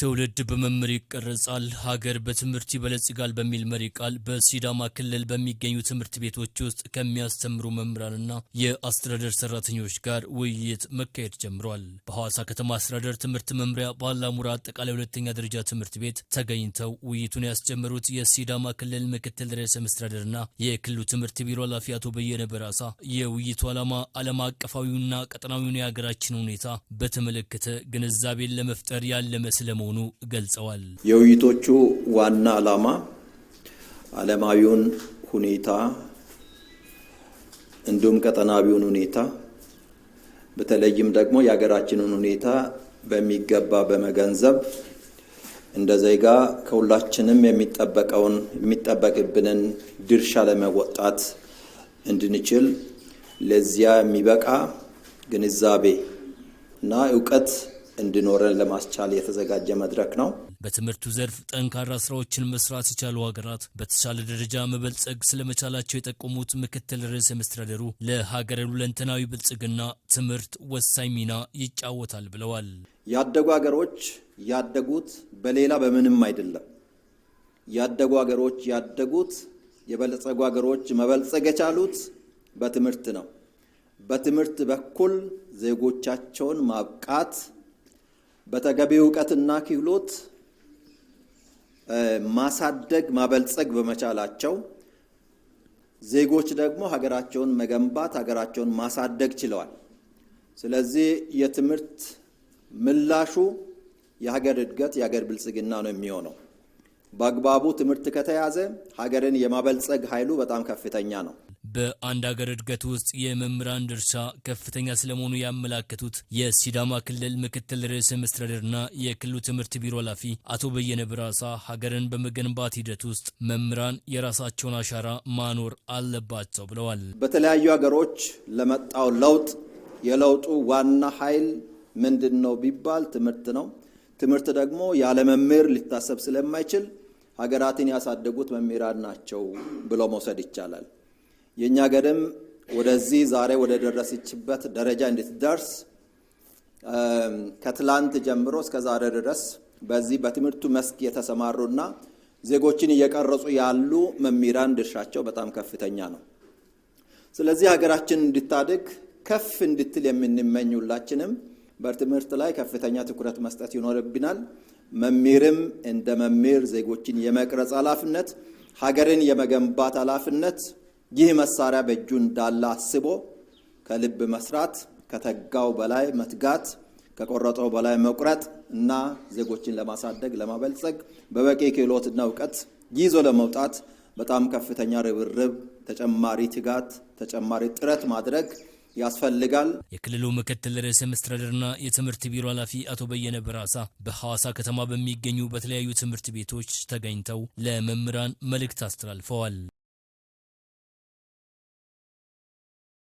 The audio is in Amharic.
ትውልድ በመምህር ይቀረጻል፣ ሀገር በትምህርት ይበለጽጋል በሚል መሪ ቃል በሲዳማ ክልል በሚገኙ ትምህርት ቤቶች ውስጥ ከሚያስተምሩ መምህራንና የአስተዳደር ሰራተኞች ጋር ውይይት መካሄድ ጀምሯል። በሐዋሳ ከተማ አስተዳደር ትምህርት መምሪያ ባላሙራ አጠቃላይ ሁለተኛ ደረጃ ትምህርት ቤት ተገኝተው ውይይቱን ያስጀመሩት የሲዳማ ክልል ምክትል ርዕሰ መስተዳደርና የክልሉ ትምህርት ቢሮ ኃላፊ አቶ በየነ በራሳ የውይይቱ ዓላማ ዓለም አቀፋዊውና ቀጠናዊውን የሀገራችን ሁኔታ በተመለከተ ግንዛቤን ለመፍጠር ያለመ ስለመሆኑ ገልጸዋል። የውይይቶቹ ዋና ዓላማ ዓለማዊውን ሁኔታ እንዲሁም ቀጠናዊውን ሁኔታ በተለይም ደግሞ የሀገራችንን ሁኔታ በሚገባ በመገንዘብ እንደ ዜጋ ከሁላችንም የሚጠበቀውን የሚጠበቅብንን ድርሻ ለመወጣት እንድንችል ለዚያ የሚበቃ ግንዛቤ እና እውቀት እንዲኖረን ለማስቻል የተዘጋጀ መድረክ ነው። በትምህርቱ ዘርፍ ጠንካራ ስራዎችን መስራት የቻሉ ሀገራት በተሻለ ደረጃ መበልጸግ ስለመቻላቸው የጠቆሙት ምክትል ርዕሰ መስተዳደሩ ለሀገር ሁለንተናዊ ብልጽግና ትምህርት ወሳኝ ሚና ይጫወታል ብለዋል። ያደጉ ሀገሮች ያደጉት በሌላ በምንም አይደለም። ያደጉ ሀገሮች ያደጉት የበለጸጉ ሀገሮች መበልጸግ የቻሉት በትምህርት ነው። በትምህርት በኩል ዜጎቻቸውን ማብቃት በተገቢ እውቀትና ክህሎት ማሳደግ ማበልጸግ በመቻላቸው ዜጎች ደግሞ ሀገራቸውን መገንባት ሀገራቸውን ማሳደግ ችለዋል። ስለዚህ የትምህርት ምላሹ የሀገር እድገት የሀገር ብልጽግና ነው የሚሆነው። በአግባቡ ትምህርት ከተያዘ ሀገርን የማበልጸግ ኃይሉ በጣም ከፍተኛ ነው። በአንድ ሀገር እድገት ውስጥ የመምህራን ድርሻ ከፍተኛ ስለመሆኑ ያመላከቱት የሲዳማ ክልል ምክትል ርዕሰ መስተዳድርና የክልሉ ትምህርት ቢሮ ኃላፊ አቶ በየነ ብራሳ ሀገርን በመገንባት ሂደት ውስጥ መምህራን የራሳቸውን አሻራ ማኖር አለባቸው ብለዋል። በተለያዩ ሀገሮች ለመጣው ለውጥ የለውጡ ዋና ኃይል ምንድን ነው ቢባል ትምህርት ነው። ትምህርት ደግሞ ያለ መምህር ሊታሰብ ስለማይችል ሀገራትን ያሳደጉት መምህራን ናቸው ብሎ መውሰድ ይቻላል። የእኛ ሀገርም ወደዚህ ዛሬ ወደ ደረሰችበት ደረጃ እንድትደርስ ከትላንት ጀምሮ እስከ ዛሬ ድረስ በዚህ በትምህርቱ መስክ የተሰማሩና ዜጎችን እየቀረጹ ያሉ መምህራን ድርሻቸው በጣም ከፍተኛ ነው። ስለዚህ ሀገራችን እንድታድግ ከፍ እንድትል የምንመኝ ሁላችንም በትምህርት ላይ ከፍተኛ ትኩረት መስጠት ይኖርብናል። መምህርም እንደ መምህር ዜጎችን የመቅረጽ ኃላፊነት፣ ሀገርን የመገንባት ኃላፊነት ይህ መሳሪያ በእጁ እንዳለ አስቦ ከልብ መስራት፣ ከተጋው በላይ መትጋት፣ ከቆረጠው በላይ መቁረጥ እና ዜጎችን ለማሳደግ ለማበልጸግ በበቂ ክህሎት እና እውቀት ይዞ ለመውጣት በጣም ከፍተኛ ርብርብ፣ ተጨማሪ ትጋት፣ ተጨማሪ ጥረት ማድረግ ያስፈልጋል። የክልሉ ምክትል ርዕሰ መስተዳድርና የትምህርት ቢሮ ኃላፊ አቶ በየነ በራሳ በሐዋሳ ከተማ በሚገኙ በተለያዩ ትምህርት ቤቶች ተገኝተው ለመምህራን መልእክት አስተላልፈዋል።